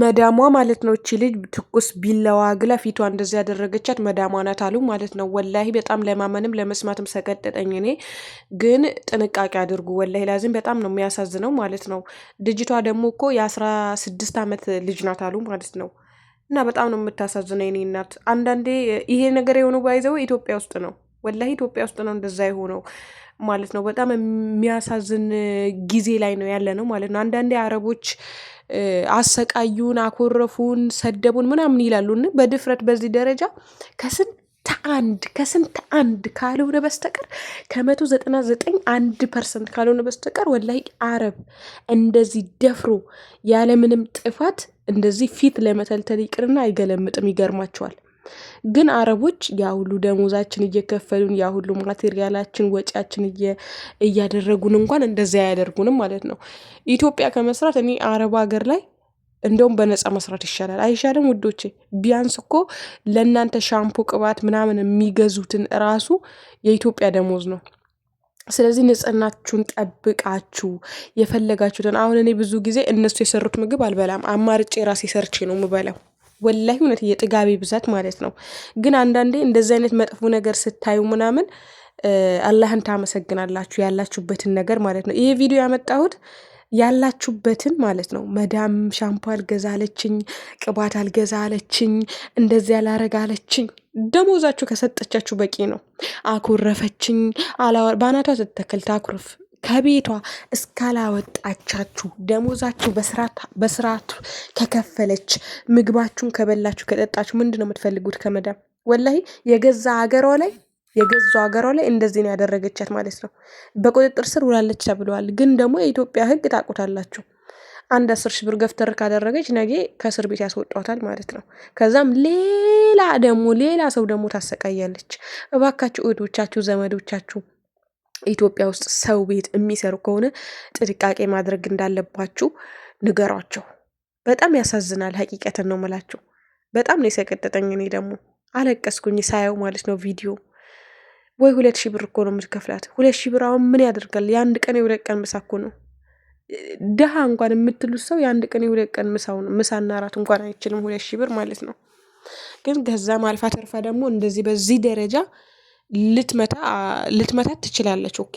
መዳሟ ማለት ነው። እቺ ልጅ ትኩስ ቢላዋ ግላ ፊቷ እንደዚህ ያደረገቻት መዳሟ ናት አሉ ማለት ነው። ወላሂ በጣም ለማመንም ለመስማትም ሰቀጠጠኝ። እኔ ግን ጥንቃቄ አድርጉ። ወላሂ ላዚም በጣም ነው የሚያሳዝነው ማለት ነው። ልጅቷ ደግሞ እኮ የአስራ ስድስት ዓመት ልጅ ናት አሉ ማለት ነው። እና በጣም ነው የምታሳዝነው የኔ እናት። አንዳንዴ ይሄ ነገር የሆኑ ባይዘው ኢትዮጵያ ውስጥ ነው ወላሂ ኢትዮጵያ ውስጥ ነው እንደዛ የሆነው ማለት ነው። በጣም የሚያሳዝን ጊዜ ላይ ነው ያለ ነው ማለት ነው። አንዳንዴ አረቦች አሰቃዩን፣ አኮረፉን፣ ሰደቡን ምናምን ይላሉን። በድፍረት በዚህ ደረጃ ከስንት አንድ ከስንት አንድ ካልሆነ በስተቀር ከመቶ ዘጠና ዘጠኝ አንድ ፐርሰንት ካልሆነ በስተቀር ወላይ አረብ እንደዚህ ደፍሮ ያለምንም ጥፋት እንደዚህ ፊት ለመተልተል ይቅርና አይገለምጥም። ይገርማቸዋል። ግን አረቦች ያ ሁሉ ደሞዛችን እየከፈሉን ያ ሁሉ ማቴሪያላችን ወጪያችን እያደረጉን እንኳን እንደዚ አያደርጉንም ማለት ነው። ኢትዮጵያ ከመስራት እኔ አረብ ሀገር ላይ እንደውም በነፃ መስራት ይሻላል። አይሻልም ውዶቼ? ቢያንስ እኮ ለእናንተ ሻምፖ፣ ቅባት ምናምን የሚገዙትን ራሱ የኢትዮጵያ ደሞዝ ነው። ስለዚህ ንጽህናችሁን ጠብቃችሁ የፈለጋችሁትን አሁን እኔ ብዙ ጊዜ እነሱ የሰሩት ምግብ አልበላም። አማርጬ ራሴ ሰርቼ ነው የምበላው። ወላሂ እውነት የጥጋቤ ብዛት ማለት ነው። ግን አንዳንዴ እንደዚህ አይነት መጥፎ ነገር ስታዩ ምናምን አላህን ታመሰግናላችሁ ያላችሁበትን ነገር ማለት ነው። ይሄ ቪዲዮ ያመጣሁት ያላችሁበትን ማለት ነው። መዳም ሻምፖ አልገዛ አለችኝ፣ ቅባት አልገዛ አለችኝ፣ እንደዚህ ያላረግ አለችኝ። ደሞዛችሁ ከሰጠቻችሁ በቂ ነው። አኮረፈችኝ፣ በአናቷ ስትተክል ታኩርፍ ከቤቷ እስካላወጣቻችሁ ደሞዛችሁ በስርዓቱ ከከፈለች ምግባችሁን ከበላችሁ ከጠጣችሁ ምንድን ነው የምትፈልጉት ከመዳም? ወላሂ የገዛ ሀገሯ ላይ የገዛ ሀገሯ ላይ እንደዚህ ነው ያደረገቻት ማለት ነው። በቁጥጥር ስር ውላለች ተብለዋል። ግን ደግሞ የኢትዮጵያ ህግ ታቁታላችሁ አንድ አስር ሺህ ብር ገፍተር ካደረገች ነገ ከእስር ቤት ያስወጧታል ማለት ነው። ከዛም ሌላ ደግሞ ሌላ ሰው ደግሞ ታሰቃያለች። እባካችሁ እህቶቻችሁ፣ ዘመዶቻችሁ ኢትዮጵያ ውስጥ ሰው ቤት የሚሰሩ ከሆነ ጥንቃቄ ማድረግ እንዳለባችሁ ንገሯቸው። በጣም ያሳዝናል። ሀቂቀትን ነው ምላቸው። በጣም ነው የሰቀጠጠኝ። እኔ ደግሞ አለቀስኩኝ ሳየው ማለት ነው ቪዲዮ ወይ ሁለት ሺህ ብር እኮ ነው የምትከፍላት። ሁለት ሺህ ብር አሁን ምን ያደርጋል? የአንድ ቀን የሁለት ቀን ምሳ እኮ ነው። ድሃ እንኳን የምትሉት ሰው የአንድ ቀን የሁለት ቀን ምሳው ነው። ምሳና አራት እንኳን አይችልም ሁለት ሺህ ብር ማለት ነው። ግን ከዛም አልፋ ተርፋ ደግሞ እንደዚህ በዚህ ደረጃ ልትመታ ልትመታት ትችላለች። ኦኬ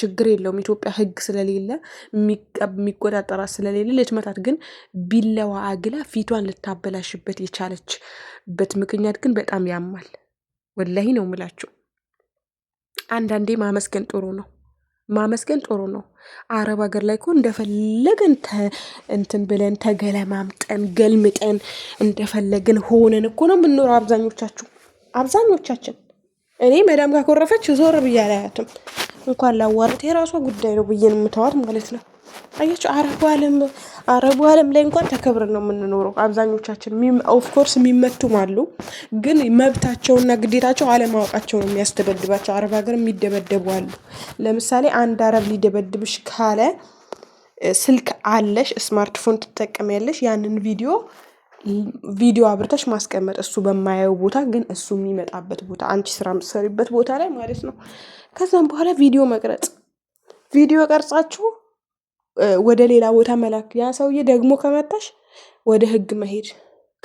ችግር የለውም። ኢትዮጵያ ህግ ስለሌለ የሚቆጣጠራት ስለሌለ ልትመታት። ግን ቢለዋ አግላ ፊቷን ልታበላሽበት የቻለችበት ምክንያት ግን በጣም ያማል። ወላሂ ነው ምላችው። አንዳንዴ ማመስገን ጥሩ ነው። ማመስገን ጥሩ ነው። አረብ ሀገር ላይ እኮ እንደፈለገን እንትን ብለን ተገለማምጠን ገልምጠን እንደፈለግን ሆነን እኮ ነው የምንኖረው አብዛኞቻችሁ አብዛኞቻችን እኔ መዳም ጋር ኮረፈች ዞር ብዬ አላያትም። እንኳን ላዋራት የራሷ ጉዳይ ነው ብዬ ነው የምተዋት ማለት ነው። አያችሁ አረቡ ዓለም አረቡ ዓለም ላይ እንኳን ተከብረን ነው የምንኖረው። አብዛኞቻችን ኦፍኮርስ የሚመቱም አሉ፣ ግን መብታቸውና ግዴታቸው አለማወቃቸው ነው የሚያስደበድባቸው። አረብ ሀገር የሚደበደቡ አሉ። ለምሳሌ አንድ አረብ ሊደበድብሽ ካለ ስልክ አለሽ፣ ስማርትፎን ትጠቀሚያለሽ፣ ያንን ቪዲዮ ቪዲዮ አብርተሽ ማስቀመጥ እሱ በማየው ቦታ ግን እሱ የሚመጣበት ቦታ አንቺ ስራ የምትሰሪበት ቦታ ላይ ማለት ነው። ከዛም በኋላ ቪዲዮ መቅረጽ ቪዲዮ ቀርጻችሁ ወደ ሌላ ቦታ መላክ፣ ያ ሰውዬ ደግሞ ከመታሽ ወደ ህግ መሄድ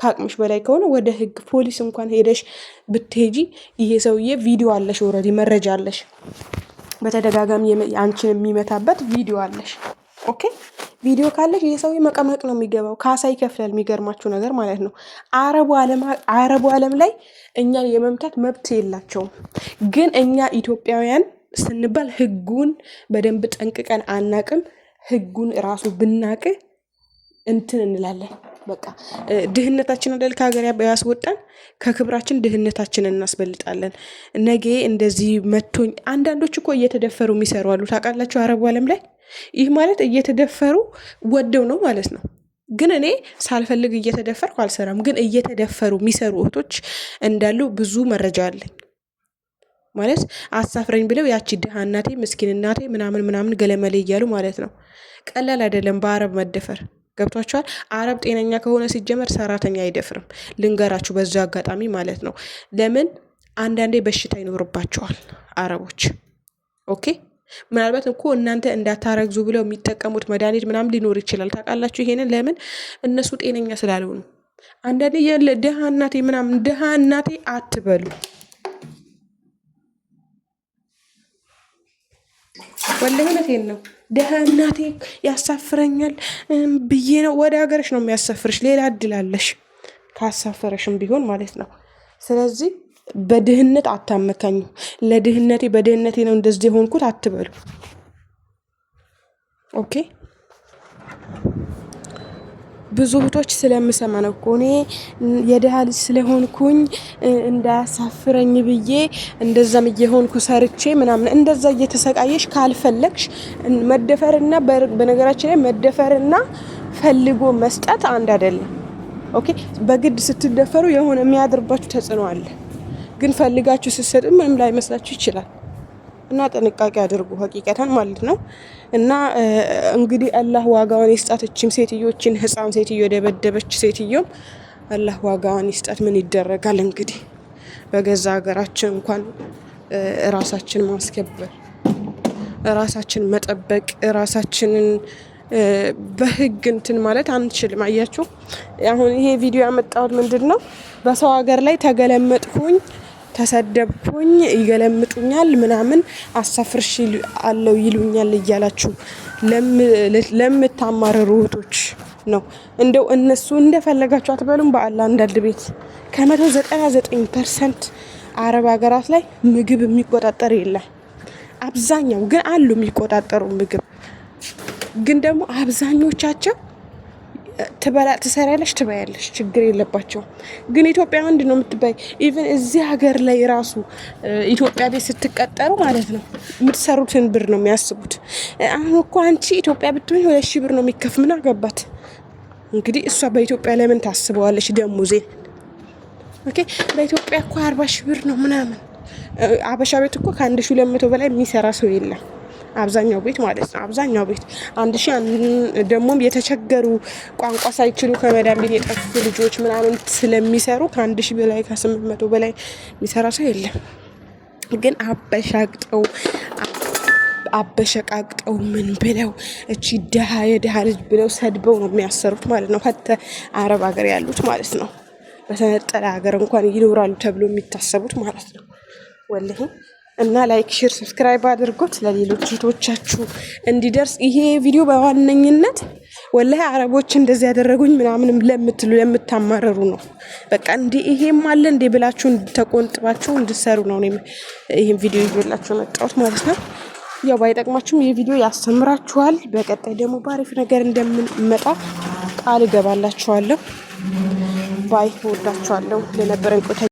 ከአቅምሽ በላይ ከሆነ ወደ ህግ ፖሊስ እንኳን ሄደሽ ብትሄጂ ይሄ ሰውዬ ቪዲዮ አለሽ፣ ኦልሬዲ መረጃ አለሽ፣ በተደጋጋሚ አንቺን የሚመታበት ቪዲዮ አለሽ። ኦኬ ቪዲዮ ካለሽ ይህ ሰውዬ መቀመቅ ነው የሚገባው። ካሳ ይከፍላል። የሚገርማችሁ ነገር ማለት ነው አረቡ ዓለም ላይ እኛን የመምታት መብት የላቸውም። ግን እኛ ኢትዮጵያውያን ስንባል ህጉን በደንብ ጠንቅቀን አናቅም። ህጉን ራሱ ብናቅ እንትን እንላለን። በቃ ድህነታችን አደል ከሀገር ያስወጣን፣ ከክብራችን ድህነታችንን እናስበልጣለን። ነገ እንደዚህ መቶኝ አንዳንዶች እኮ እየተደፈሩ የሚሰሩ አሉ። ታውቃላችሁ አረቡ ዓለም ላይ ይህ ማለት እየተደፈሩ ወደው ነው ማለት ነው። ግን እኔ ሳልፈልግ እየተደፈርኩ አልሰራም። ግን እየተደፈሩ የሚሰሩ እህቶች እንዳሉ ብዙ መረጃ አለኝ። ማለት አሳፍረኝ ብለው ያቺ ድሃ እናቴ፣ ምስኪን እናቴ ምናምን ምናምን ገለመሌ እያሉ ማለት ነው። ቀላል አይደለም በአረብ መደፈር። ገብቷቸዋል። አረብ ጤነኛ ከሆነ ሲጀመር ሰራተኛ አይደፍርም። ልንገራችሁ በዛ አጋጣሚ ማለት ነው። ለምን አንዳንዴ በሽታ ይኖርባቸዋል አረቦች። ኦኬ ምናልባት እኮ እናንተ እንዳታረግዙ ብለው የሚጠቀሙት መድኃኒት ምናምን ሊኖር ይችላል። ታውቃላችሁ? ይሄንን ለምን እነሱ ጤነኛ ስላልሆኑ አንዳንዴ የለ ድሃ እናቴ ምናምን ድሃ እናቴ አትበሉ። ወለህነቴን ነው ድሃ እናቴ ያሳፍረኛል ብዬ ነው። ወደ ሀገርሽ ነው የሚያሳፍርሽ። ሌላ እድላለሽ ካሳፈረሽም ቢሆን ማለት ነው። ስለዚህ በድህነት አታመካኙ። ለድህነቴ በድህነቴ ነው እንደዚህ የሆንኩት አትበሉ። ኦኬ ብዙ እህቶች ስለምሰማ ነው እኮ እኔ የድሃ ልጅ ስለሆንኩኝ እንዳያሳፍረኝ ብዬ እንደዛም እየሆንኩ ሰርቼ ምናምን እንደዛ እየተሰቃየሽ ካልፈለግሽ መደፈርና በነገራችን ላይ መደፈርና ፈልጎ መስጠት አንድ አይደለም። ኦኬ በግድ ስትደፈሩ የሆነ የሚያድርባችሁ ተጽዕኖ አለ። ግን ፈልጋችሁ ስትሰጥ ምንም ላይመስላችሁ ይችላል። እና ጥንቃቄ አድርጉ ሀቂቀታን ማለት ነው። እና እንግዲህ አላህ ዋጋውን ይስጣት። እችም ሴትዮችን ህፃን ሴትዮ የደበደበች ሴትዮም አላህ ዋጋውን ይስጣት። ምን ይደረጋል እንግዲህ በገዛ ሀገራችን እንኳን ራሳችን ማስከበር፣ ራሳችን መጠበቅ፣ ራሳችንን በህግ እንትን ማለት አንችልም። አያችሁ አሁን ይሄ ቪዲዮ ያመጣሁት ምንድን ነው በሰው ሀገር ላይ ተገለመጥኩኝ ተሰደብኩኝ፣ ይገለምጡኛል፣ ምናምን አሳፍርሽ አለው ይሉኛል እያላችሁ ለምታማርሩ እህቶች ነው። እንደው እነሱ እንደፈለጋችሁ አትበሉም። በአላህ አንዳንድ ቤት ከመቶ ዘጠና ዘጠኝ ፐርሰንት አረብ ሀገራት ላይ ምግብ የሚቆጣጠር የለም። አብዛኛው ግን አሉ የሚቆጣጠሩ ምግብ ግን ደግሞ አብዛኞቻቸው ትበላ ትሰሪያለሽ፣ ትበያለሽ፣ ችግር የለባቸውም። ግን ኢትዮጵያ አንድ ነው የምትባይ። ኢቨን እዚህ ሀገር ላይ ራሱ ኢትዮጵያ ቤት ስትቀጠሩ ማለት ነው የምትሰሩትን ብር ነው የሚያስቡት። አሁን እኮ አንቺ ኢትዮጵያ ብትሆኝ ሁለት ሺህ ብር ነው የሚከፍ፣ ምን አገባት እንግዲህ እሷ በኢትዮጵያ ለምን ታስበዋለች? ደሞዜ ኦኬ፣ በኢትዮጵያ እኮ አርባ ሺህ ብር ነው ምናምን። አበሻ ቤት እኮ ከአንድ ሺህ ሁለት መቶ በላይ የሚሰራ ሰው የለም። አብዛኛው ቤት ማለት ነው። አብዛኛው ቤት አንድ ሺ ደግሞም የተቸገሩ ቋንቋ ሳይችሉ ከመዳን ቤት የጠፉ ልጆች ምናምን ስለሚሰሩ ከአንድ ሺ በላይ ከስምንት መቶ በላይ የሚሰራ ሰው የለም። ግን አበሻግጠው አበሸቃቅጠው ምን ብለው እቺ ድሀ የድሀ ልጅ ብለው ሰድበው ነው የሚያሰሩት ማለት ነው። ከተ አረብ ሀገር ያሉት ማለት ነው። በተነጠለ ሀገር እንኳን ይኖራሉ ተብሎ የሚታሰቡት ማለት ነው ወልህም እና ላይክ፣ ሼር፣ ሰብስክራይብ አድርጎት ለሌሎች እህቶቻችሁ እንዲደርስ ይሄ ቪዲዮ በዋነኝነት ወላሂ አረቦች እንደዚህ ያደረጉኝ ምናምንም ለምትሉ ለምታማረሩ ነው። በቃ እንዲ ይሄም አለ እንዴ ብላችሁ እንድተቆንጥባችሁ እንድሰሩ ነው ይህም ቪዲዮ ይዤላችሁ መጣሁት ማለት ነው። ያው ባይጠቅማችሁም ይህ ቪዲዮ ያስተምራችኋል። በቀጣይ ደግሞ ባሪፍ ነገር እንደምንመጣ ቃል እገባላችኋለሁ። ባይ ወዳችኋለሁ ለነበረን ቆይታ